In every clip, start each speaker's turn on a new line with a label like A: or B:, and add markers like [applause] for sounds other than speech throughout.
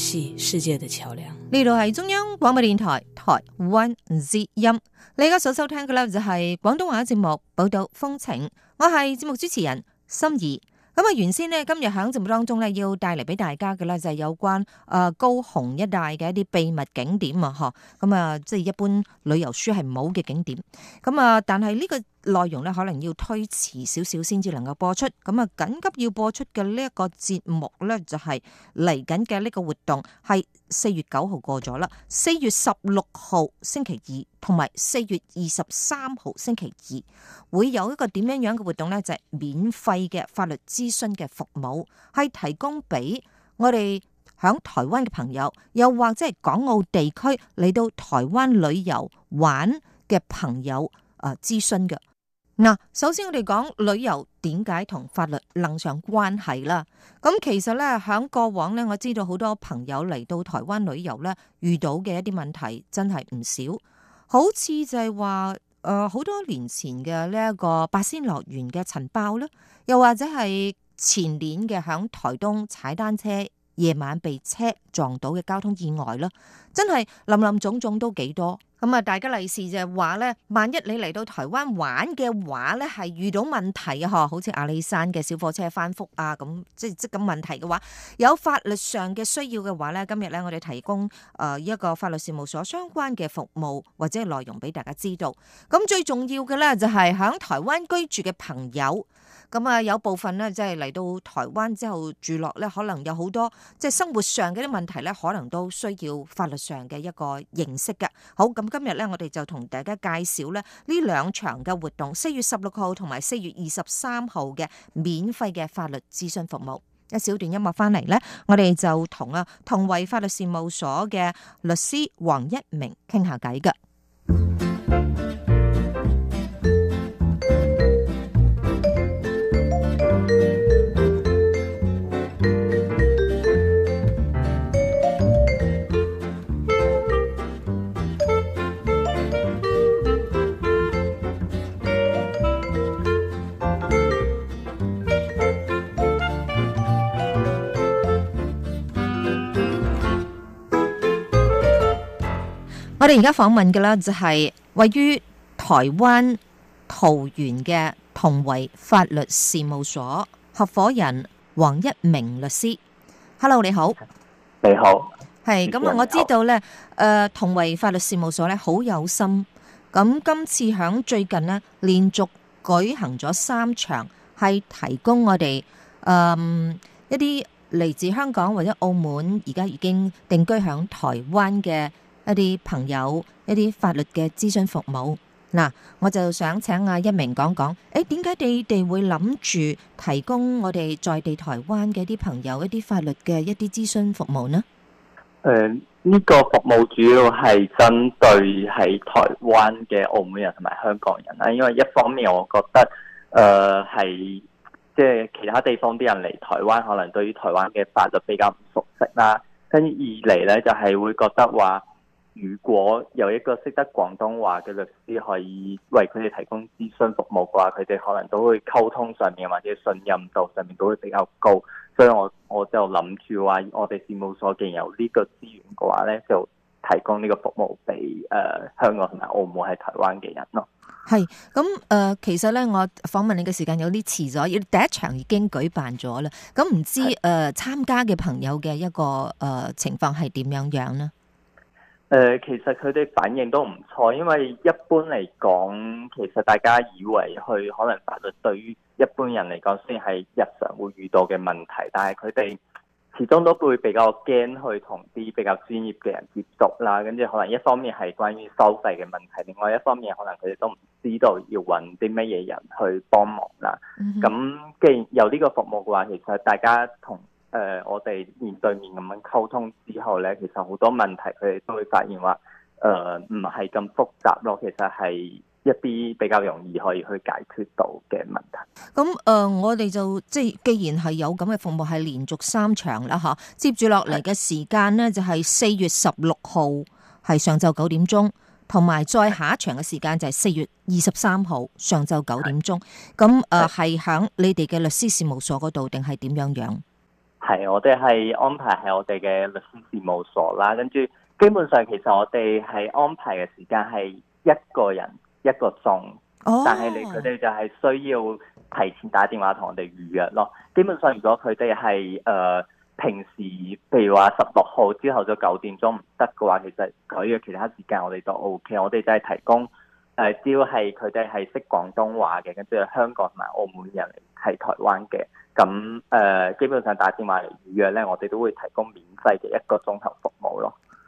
A: 係世界的橋樑。呢度係中央廣播電台台灣之音，你而家所收聽嘅咧就係廣東話節目《報導風情》，我係節目主持人心儀。咁啊，原先呢，今日喺節目當中咧要帶嚟俾大家嘅咧就係有關誒高雄一帶嘅一啲秘密景點啊，嗬。咁啊，即係一般旅遊書係冇嘅景點。咁啊，但係呢、這個。內容咧可能要推遲少少先至能夠播出咁啊！緊急要播出嘅呢一個節目咧，就係嚟緊嘅呢個活動係四月九號過咗啦。四月十六號星期二同埋四月二十三號星期二會有一個點樣樣嘅活動咧，就係免費嘅法律諮詢嘅服務係提供俾我哋響台灣嘅朋友，又或者係港澳地區嚟到台灣旅遊玩嘅朋友啊，諮詢嘅。嗱，首先我哋講旅遊點解同法律擰上關係啦？咁其實咧，喺過往咧，我知道好多朋友嚟到台灣旅遊咧，遇到嘅一啲問題真係唔少，好似就係話，誒，好多年前嘅呢一個八仙樂園嘅塵爆啦，又或者係前年嘅喺台東踩單車夜晚被車撞到嘅交通意外啦，真係林林總總都幾多。咁啊，大家利是就係話咧，萬一你嚟到台灣玩嘅話咧，係遇到問題啊，嗬，好似阿里山嘅小火車翻覆啊，咁即係即咁問題嘅話，有法律上嘅需要嘅話咧，今日咧我哋提供誒一個法律事務所相關嘅服務或者係內容俾大家知道。咁最重要嘅咧就係響台灣居住嘅朋友。咁啊，有部分咧，即係嚟到台灣之後住落咧，可能有好多即係、就是、生活上嘅啲問題咧，可能都需要法律上嘅一個認識嘅。好，咁今日咧，我哋就同大家介紹咧呢兩場嘅活動，四月十六號同埋四月二十三號嘅免費嘅法律諮詢服務。一小段音樂翻嚟咧，我哋就同啊同維法律事務所嘅律師黃一鳴傾下偈噶。我哋而家訪問嘅咧，就係位於台灣桃園嘅同維法律事務所合夥人黃一鳴律師。Hello，你好。
B: 你好。係咁啊！我
A: 知道咧，誒，同維法律事務所咧好有心。咁今次響最近咧，連續舉行咗三場，係提供我哋誒一啲嚟自香港或者澳門而家已經定居響台灣嘅。一啲朋友一啲法律嘅諮詢服務，嗱，我就想請阿一鳴講講，誒，點解你哋會諗住提供我哋在地台灣嘅一啲朋友一啲法律嘅一啲諮詢服務呢？
B: 誒呢、呃這個服務主要係針對喺台灣嘅澳門人同埋香港人啦，因為一方面我覺得誒係、呃、即係其他地方啲人嚟台灣可能對於台灣嘅法律比較唔熟悉啦，跟住二嚟咧就係會覺得話。如果有一個識得廣東話嘅律師可以為佢哋提供諮詢服務嘅話，佢哋可能都會溝通上面或者信任度上面都會比較高，所以我我就諗住話，我哋事務所既然有呢個資源嘅話咧，就提供呢個服務俾誒香港同埋澳門係台灣嘅人咯。
A: 係咁誒，其實咧，我訪問你嘅時間有啲遲咗，要第一場已經舉辦咗啦。咁唔知誒是、呃、參加嘅朋友嘅一個誒、呃、情況係點樣樣呢？
B: 誒、呃，其實佢哋反應都唔錯，因為一般嚟講，其實大家以為去可能法律對於一般人嚟講，雖然係日常會遇到嘅問題，但係佢哋始終都會比較驚去同啲比較專業嘅人接觸啦。跟住可能一方面係關於收費嘅問題，另外一方面可能佢哋都唔知道要揾啲乜嘢人去幫忙啦。咁、嗯、哼既然有呢個服務嘅話，其實大家同。誒、呃，我哋面對面咁樣溝通之後咧，其實好多問題佢哋都會發現話，誒唔係咁複雜咯。其實係一啲比較容易可以去解決到嘅問題。
A: 咁誒、呃，我哋就即係既然係有咁嘅服務，係連續三場啦。吓、啊，接住落嚟嘅時間咧，就係、是、四月十六號係上晝九點鐘，同埋再下一場嘅時間就係四月二十三號上晝九點鐘。咁誒的，係響、呃、你哋嘅律師事務所嗰度定係點樣樣？
B: 係，我哋係安排喺我哋嘅律師事務所啦，跟住基本上其實我哋係安排嘅時間係一個人一個鐘，Oh. 但係你佢哋就係需要提前打電話同我哋預約咯。基本上如果佢哋係誒平時，譬如話十六號之後就九點鐘唔得嘅話，其實佢嘅其他時間我哋都 O、OK, K，我哋就係提供誒、呃，只要係佢哋係識廣東話嘅，跟住香港同埋澳門人係台灣嘅。咁誒、呃，基本上打電話嚟預約咧，我哋都會提供免費嘅一個鐘頭服務咯。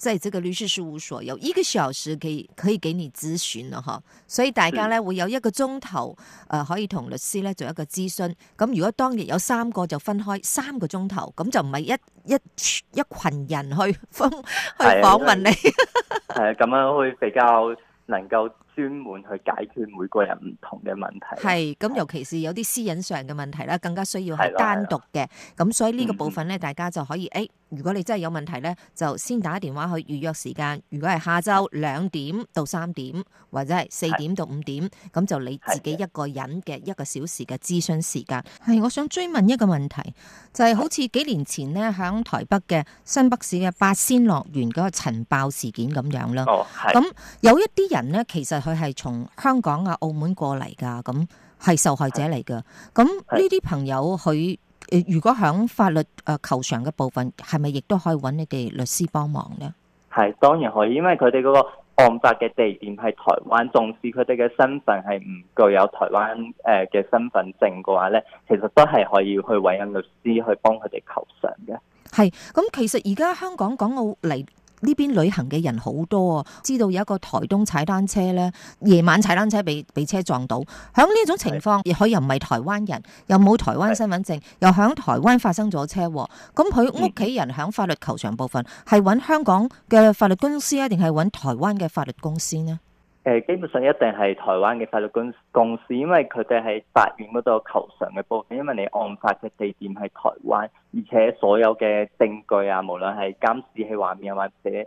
A: 即係這個律師事務所有一個小時，可以可以給你諮詢咯，哈，所以大家咧，會有一個鐘頭，誒，可以同律師咧做一個諮詢。咁如果當日有三個就分開三個鐘頭，咁就唔係一一一群人去訪去訪問你，啊，係
B: 咁 [laughs] 樣會比較能夠。專門去解決每個人唔同嘅問題，係
A: 咁，尤其是有啲私隱上嘅問題啦，更加需要係單獨嘅。咁所以呢個部分咧，大家就可以，誒、嗯哎、如果你真係有問題咧，就先打電話去預約時間，如果係下周兩點到三點或者係四點到五點，咁的就你自己一個人嘅一個小時嘅諮詢時間，係的、哎、我想追問一個問題，就係、是、好似幾年前咧，響台北嘅新北市嘅八仙樂園嗰個塵爆事件咁樣啦。哦的，係。咁有一啲人咧，其實。佢係從香港啊澳門過嚟噶咁係受害者嚟嘅。咁呢啲朋友佢，是如果響法律誒求償嘅部分，係咪亦都可以揾你哋律師幫忙咧？
B: 係當然可以，因為佢哋嗰個案發嘅地點係台灣，縱使佢哋嘅身份係唔具有台灣誒嘅身份證嘅話咧，其實都係可以去委任律師去幫佢哋求償嘅。
A: 係，咁其實而家香港、港澳嚟。呢邊旅行嘅人好多啊！知道有一個台東踩單車呢，夜晚踩單車被被車撞到。響呢種情況，佢是又唔係台灣人，又冇台灣身份證，是又響台灣發生咗車禍，咁佢屋企人響法律求償部分，係揾香港嘅法律公司，定係揾台灣嘅法律公司呢？
B: 誒，基本上一定係台灣嘅法律公公司，因為佢哋喺法院嗰度求償嘅部分，因為你案發嘅地點係台灣，而且所有嘅證據啊，無論係監視器畫面或者誒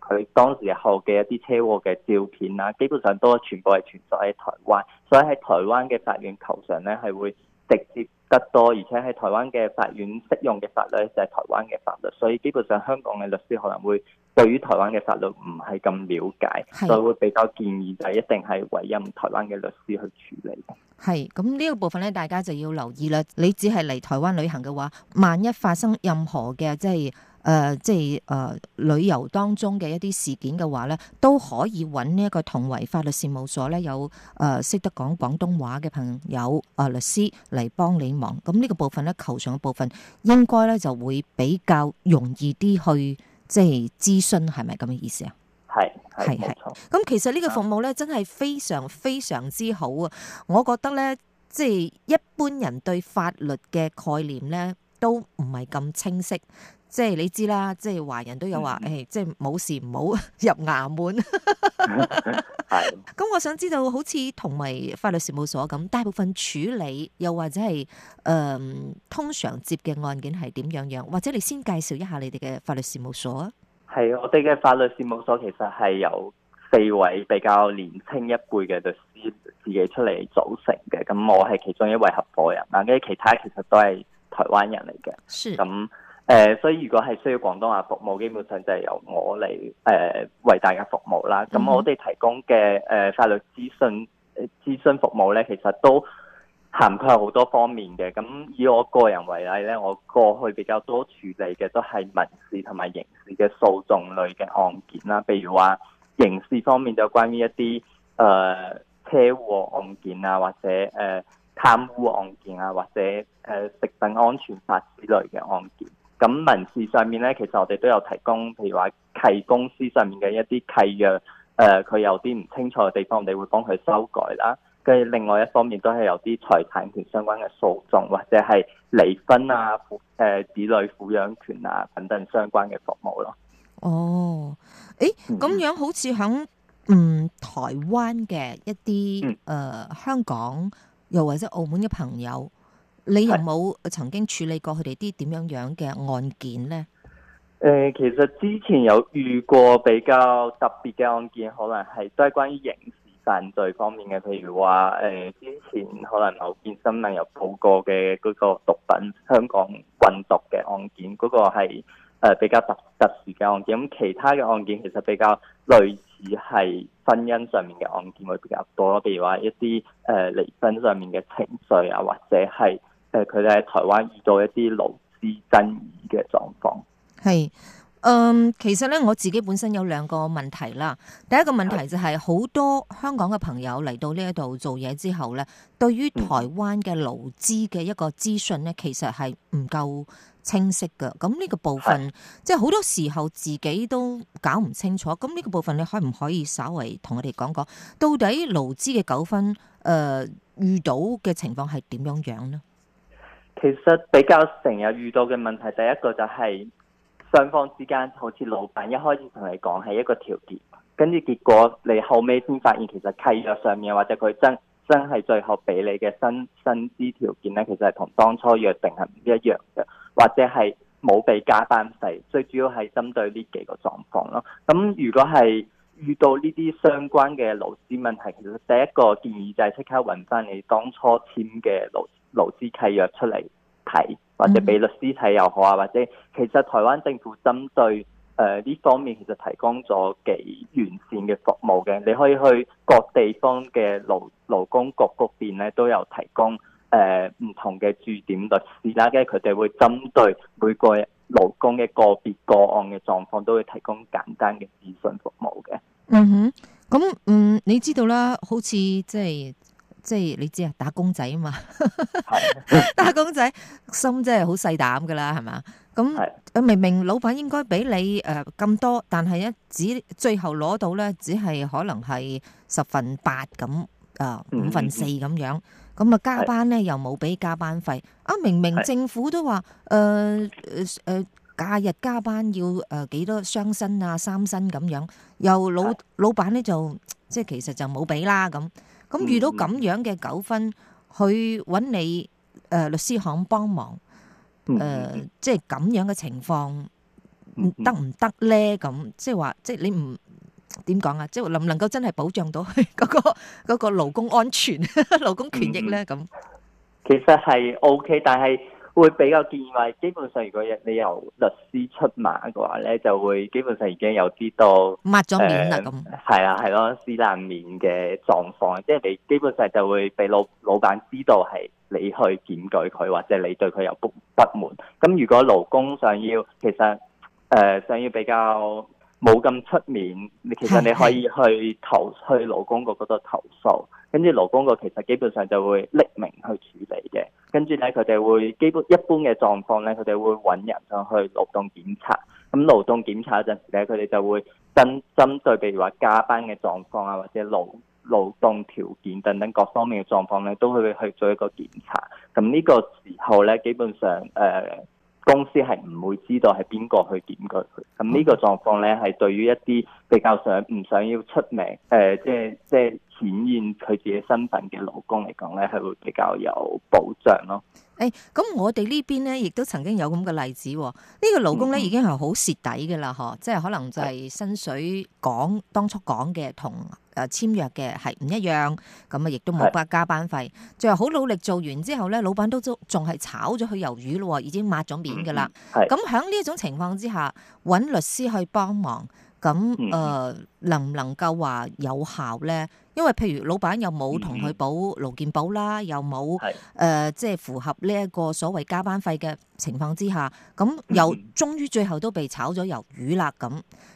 B: 佢、呃、當時候嘅一啲車禍嘅照片啊，基本上都全部係存在喺台灣，所以喺台灣嘅法院求償咧係會直接得多，而且喺台灣嘅法院適用嘅法律就係、是、台灣嘅法律，所以基本上香港嘅律師可能會對於台灣嘅法律唔係咁了解，是所以會比較建議就係一定係委任台灣嘅律師去處理。
A: 係，咁呢個部分咧，大家就要留意啦。你只係嚟台灣旅行嘅話，萬一發生任何嘅即係。誒、呃，即係誒、呃，旅遊當中嘅一啲事件嘅話咧，都可以揾呢一個同維法律事務所咧，有誒、呃、識得講廣東話嘅朋友啊、呃，律師嚟幫你忙。咁、嗯、呢、這個部分咧，求上嘅部分應該咧就會比較容易啲去即係諮詢，係咪咁嘅意思啊？係係係，咁是錯其實呢個服務咧真係非常非常之好啊！我覺得咧，即係一般人對法律嘅概念咧都唔係咁清晰。即係你知啦，即係華人都有話，誒、嗯哎，即係冇事唔好入衙門。係 [laughs] [laughs] 的。咁我想知道，好似同維法律事務所咁，大部分處理又或者係誒、呃、通常接嘅案件係點樣樣？或者你先介紹一下你哋嘅法律事務所
B: 啊？係我哋嘅法律事務所，務所其實係由四位比較年輕一輩嘅律師自己出嚟組成嘅。咁我係其中一位合夥人啦，跟住其他其實都係台灣人嚟嘅。咁是。誒、呃，所以如果係需要廣東話服務，基本上就係由我嚟誒、呃、為大家服務啦。咁我哋提供嘅誒、呃、法律諮詢諮詢服務咧，其實都涵蓋好多方面嘅。咁以我個人為例咧，我過去比較多處理嘅都係民事同埋刑事嘅訴訟類嘅案件啦。譬如話刑事方面就關於一啲誒、呃、車禍案件啊，或者誒、呃、貪污案件啊，或者誒、呃、食品安全法之類嘅案件。咁民事上面咧，其實我哋都有提供，譬如話契公司上面嘅一啲契約，誒、呃、佢有啲唔清楚嘅地方，我哋會幫佢修改啦。跟住另外一方面都係有啲財產權相關嘅訴訟，或者係離婚啊、誒子女撫養權啊等等相關嘅服務咯。
A: 哦，誒、欸、咁樣好似響嗯台灣嘅一啲誒、嗯呃、香港，又或者澳門嘅朋友。你有冇曾經處理過佢哋啲點樣樣嘅案件呢？
B: 誒，其實之前有遇過比較特別嘅案件，可能係都係關於刑事犯罪方面嘅，譬如話誒、呃，之前可能某件新聞有報過嘅嗰個毒品香港運毒嘅案件，嗰、那個係比較特特殊嘅案件。咁其他嘅案件其實比較類似係婚姻上面嘅案件會比較多咯，譬如話一啲誒離婚上面嘅情緒啊，或者係。誒，佢哋喺台灣遇到一啲勞資爭議嘅狀況
A: 係，嗯，其實咧我自己本身有兩個問題啦。第一個問題就係、是、好是多香港嘅朋友嚟到呢一度做嘢之後咧，對於台灣嘅勞資嘅一個資訊咧，嗯、其實係唔夠清晰噶。咁呢個部分，是即係好多時候自己都搞唔清楚。咁呢個部分，你可唔可以稍微同我哋講講，到底勞資嘅糾紛，誒、呃，遇到嘅情況係點樣樣呢？
B: 其實比較成日遇到嘅問題，第一個就係雙方之間，好似老闆一開始同你講係一個條件，跟住結果你後尾先發現，其實契約上面或者佢真真係最後俾你嘅薪薪資條件咧，其實係同當初約定係唔一樣嘅，或者係冇俾加班費，最主要係針對呢幾個狀況咯。咁如果係遇到呢啲相關嘅勞資問題，其實第一個建議就係即刻揾翻你當初簽嘅勞。勞資契約出嚟睇，或者俾律師睇又好啊，或者其實台灣政府針對誒、呃、呢方面，其實提供咗幾完善嘅服務嘅。你可以去各地方嘅勞勞工局嗰邊咧，都有提供誒、呃、唔同嘅駐點律師啦，即係佢哋會針對每個勞工嘅個別個案嘅狀況，都會提供簡單嘅諮詢服務嘅。嗯
A: 哼，咁嗯，你知道啦，好似即係。即係你知啊，打工仔啊嘛， [laughs] 打工仔心即係好細膽噶啦，係嘛？咁明明老闆應該俾你誒咁、呃、多，但係咧只最後攞到咧，只係可能係十分八咁啊、呃，五分四咁樣。咁啊加班咧又冇俾加班費啊！明明政府都話誒誒誒，假日加班要誒幾、呃、多雙薪啊三薪咁樣，又老是老闆咧就即係其實就冇俾啦咁。咁遇到咁樣嘅糾紛，去揾你誒律師行幫忙，誒即係咁樣嘅情況，得唔得咧？咁即係話，即係你唔點講啊？即係能唔能夠真係保障到佢嗰個嗰個勞工安全、勞工權益咧？咁
B: 其實係 OK，但係。會比較建議話，基本上如果你由律師出馬嘅話咧，就會基本上已經有啲到抹咗面啦，咁，係啊、呃，係咯，撕爛面嘅狀況，即係你基本上就會俾老老闆知道係你去檢舉佢，或者你對佢有不不滿。咁如果勞工想要，其實誒、呃、想要比較冇咁出面，其實你可以去投的去勞工局嗰度投訴。跟住勞工局其實基本上就會匿名去處理嘅，跟住咧佢哋會基本一般嘅狀況咧，佢哋會搵人上去勞動檢查。咁、嗯、勞動檢查嗰陣時咧，佢哋就會針針對譬如話加班嘅狀況啊，或者勞勞動條件等等各方面嘅狀況咧，都會去做一個檢查。咁、嗯、呢、呢個時候咧，基本上誒。呃公司係唔會知道係邊個去點佢，咁呢個狀況呢，係對於一啲比較想唔想要出名，誒即係即係顯現佢自己身份嘅勞工嚟講呢，係會比較有保障咯。
A: 誒、欸，咁我哋呢邊呢，亦都曾經有咁嘅例子，呢、這個勞工呢，已經係好蝕底嘅啦，嗬，即係可能就係薪水講當初講嘅同。誒，簽約嘅係唔一樣，咁啊，亦都冇加加班費，就係好努力做完之後咧，老闆都都仲係炒咗佢魷魚咯，已經抹咗面噶啦。咁喺呢種情況之下，揾律師去幫忙，咁誒、呃，能唔能夠話有效咧？因為譬如老闆又冇同佢補勞健保啦，是又冇誒，即、呃、係、就是、符合呢一個所謂加班費嘅情況之下，咁又終於最後都被炒咗魷魚啦。咁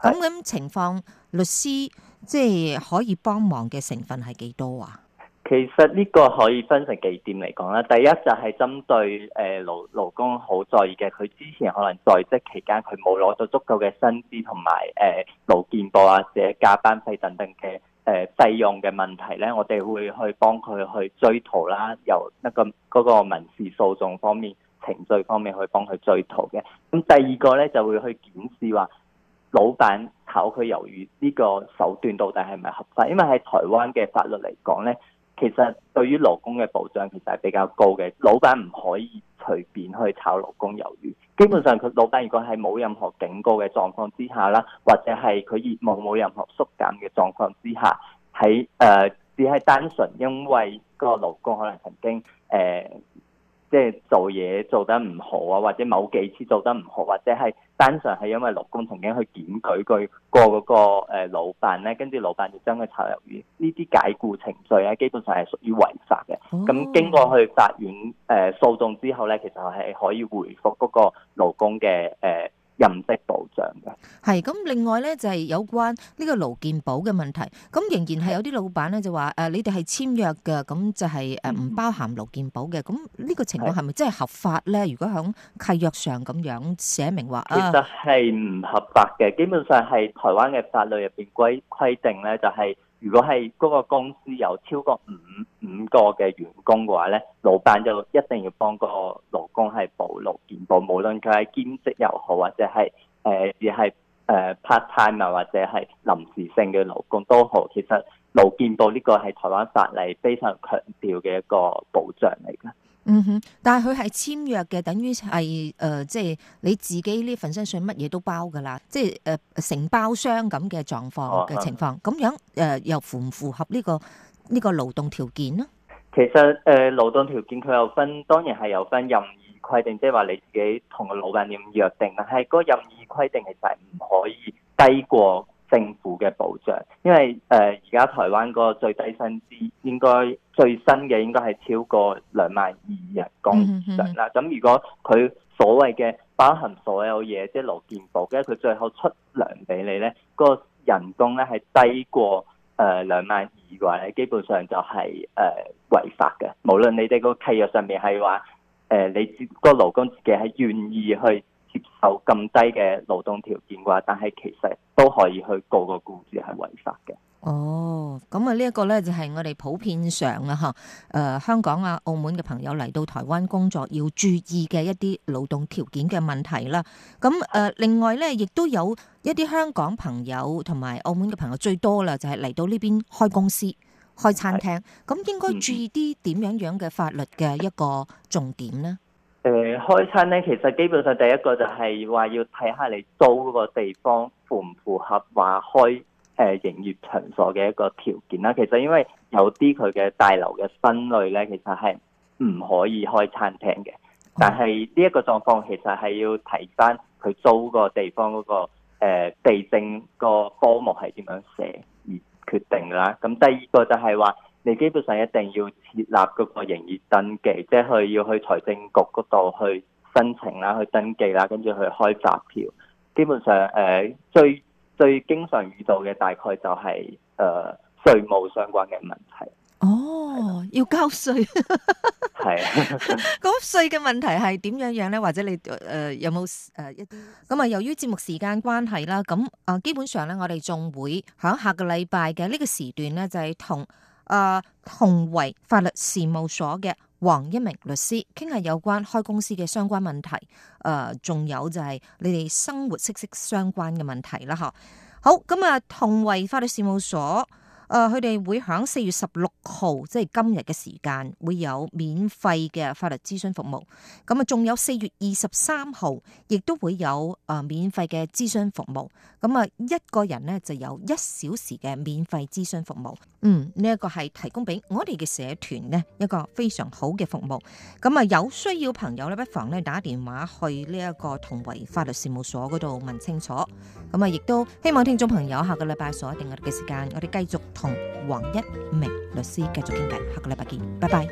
A: 咁咁情況，律師。即係可以幫忙嘅成分係幾多啊？
B: 其實呢個可以分成幾點嚟講啦。第一就係針對誒勞勞工好在意嘅，佢之前可能在職期間佢冇攞到足夠嘅薪資同埋誒勞健保啊，或者加班費等等嘅誒費用嘅問題咧，我哋會去幫佢去追討啦，由一個嗰個民事訴訟方面，程序方面去幫佢追討嘅。咁第二個咧就會去檢視話，老闆炒佢魷魚，呢個手段到底係咪合法？因為喺台灣嘅法律嚟講呢，其實對於勞工嘅保障其實係比較高嘅，老闆唔可以隨便去炒勞工魷魚。基本上，佢老闆如果係冇任何警告嘅狀況之下啦，或者係佢業務冇任何縮減嘅狀況之下，喺誒、呃、只係單純因為個勞工可能曾經誒。呃即係做嘢做得唔好啊，或者某幾次做得唔好，或者係單純係因為勞工曾經去檢舉佢過嗰個老闆咧，跟住老闆就將佢炒魷魚，呢啲解僱程序咧、啊，基本上係屬於違法嘅。咁經過去法院誒訴訟之後咧，其實係可以回復嗰個勞工嘅誒。呃入職保
A: 障嘅。係咁，另外咧就係、是、有關呢個勞健保嘅問題，咁仍然係有啲老闆咧就話誒、啊，你哋係簽約嘅，咁就係誒唔包含勞健保嘅，咁呢、嗯、個情況係咪真係合法咧？如果喺契約上咁樣寫明話、啊、其實
B: 係唔合法嘅，基本上係台灣嘅法律入邊規規定咧，就係、是。如果係嗰個公司有超過五五個嘅員工嘅話咧，老闆就一定要幫個勞工係補勞健保，無論佢係兼職又好，或者係誒只係誒 part time 啊，或者係臨時性嘅勞工都好，其實勞健保呢個係台灣法例非常強調嘅一個保障嚟嘅。
A: 嗯哼，但係佢係簽約嘅，等於係誒，即、呃、係、就是、你自己呢份薪水乜嘢都包㗎啦，即係誒承包商咁嘅狀況嘅情況，咁、哦嗯、樣誒、呃、又符唔符合呢、這個呢、這個勞動條件呢？
B: 其實誒、呃、勞動條件佢有分，當然係有分任意規定，即係話你自己同個老闆點約定，但係個任意規定其實係唔可以低過，政府嘅保障，因為誒而家台灣嗰個最低薪資應該最新嘅應該係超過兩萬二人工上啦。咁、嗯嗯嗯、如果佢所謂嘅包含所有嘢，即係勞健保，跟住佢最後出糧俾你咧，嗰個人工咧係低過誒兩萬二嘅話，咧，基本上就係、是、誒、呃、違法嘅。無論你哋個契約上面係話誒，你個勞工自己係願意去。接受咁低嘅勞動條件嘅話，但係其實都可以去告個僱主係違法嘅。
A: 哦，咁啊，呢一個咧就係我哋普遍上啊，吓，誒，香港啊、澳門嘅朋友嚟到台灣工作要注意嘅一啲勞動條件嘅問題啦。咁誒、呃，另外咧，亦都有一啲香港朋友同埋澳門嘅朋友最多啦，就係嚟到呢邊開公司、開餐廳。咁的應該注意啲點樣樣嘅法律嘅一個重點咧？
B: 誒、呃、開餐咧，其實基本上第一個就係話要睇下你租嗰個地方符唔符合話開誒、呃、營業場所嘅一個條件啦。其實因為有啲佢嘅大樓嘅分類咧，其實係唔可以開餐廳嘅。但係呢一個狀況其實係要睇返佢租嗰個地方嗰、那個誒、呃、地政個科目係點樣寫而決定啦。咁、嗯、第二個就係話。你基本上一定要設立嗰個營業登記，即係去要去財政局嗰度去申請啦，去登記啦，跟住去開發票。基本上，誒、呃、最最經常遇到嘅大概就係、是、誒、呃、稅務相關嘅問題。
A: 哦，的要交稅係交稅嘅問題係點樣樣呢？或者你誒、呃、有冇誒一啲？咁、呃、啊，由於節目時間關係啦，咁啊基本上呢，我哋仲會響下個禮拜嘅呢個時段呢，就係同。誒，uh, 同維法律事務所嘅黃一鳴律師傾下有關開公司嘅相關問題，誒，仲有就係你哋生活息息相關嘅問題啦，吓。好，咁啊，同維法律事務所。誒，佢哋會喺四月十六號，即係今日嘅時間，會有免費嘅法律諮詢服務。咁啊，仲有四月二十三號，亦都會有誒免費嘅諮詢服務。咁啊，一個人咧就有一小時嘅免費諮詢服務。嗯，呢一個係提供俾我哋嘅社團呢一個非常好嘅服務。咁啊，有需要朋友咧，不妨咧打電話去呢一個同維法律事務所嗰度問清楚。咁啊，亦都希望聽眾朋友下個禮拜所一定嘅時間，我哋繼續同黃一鳴律師繼續傾偈，下個禮拜見，拜拜。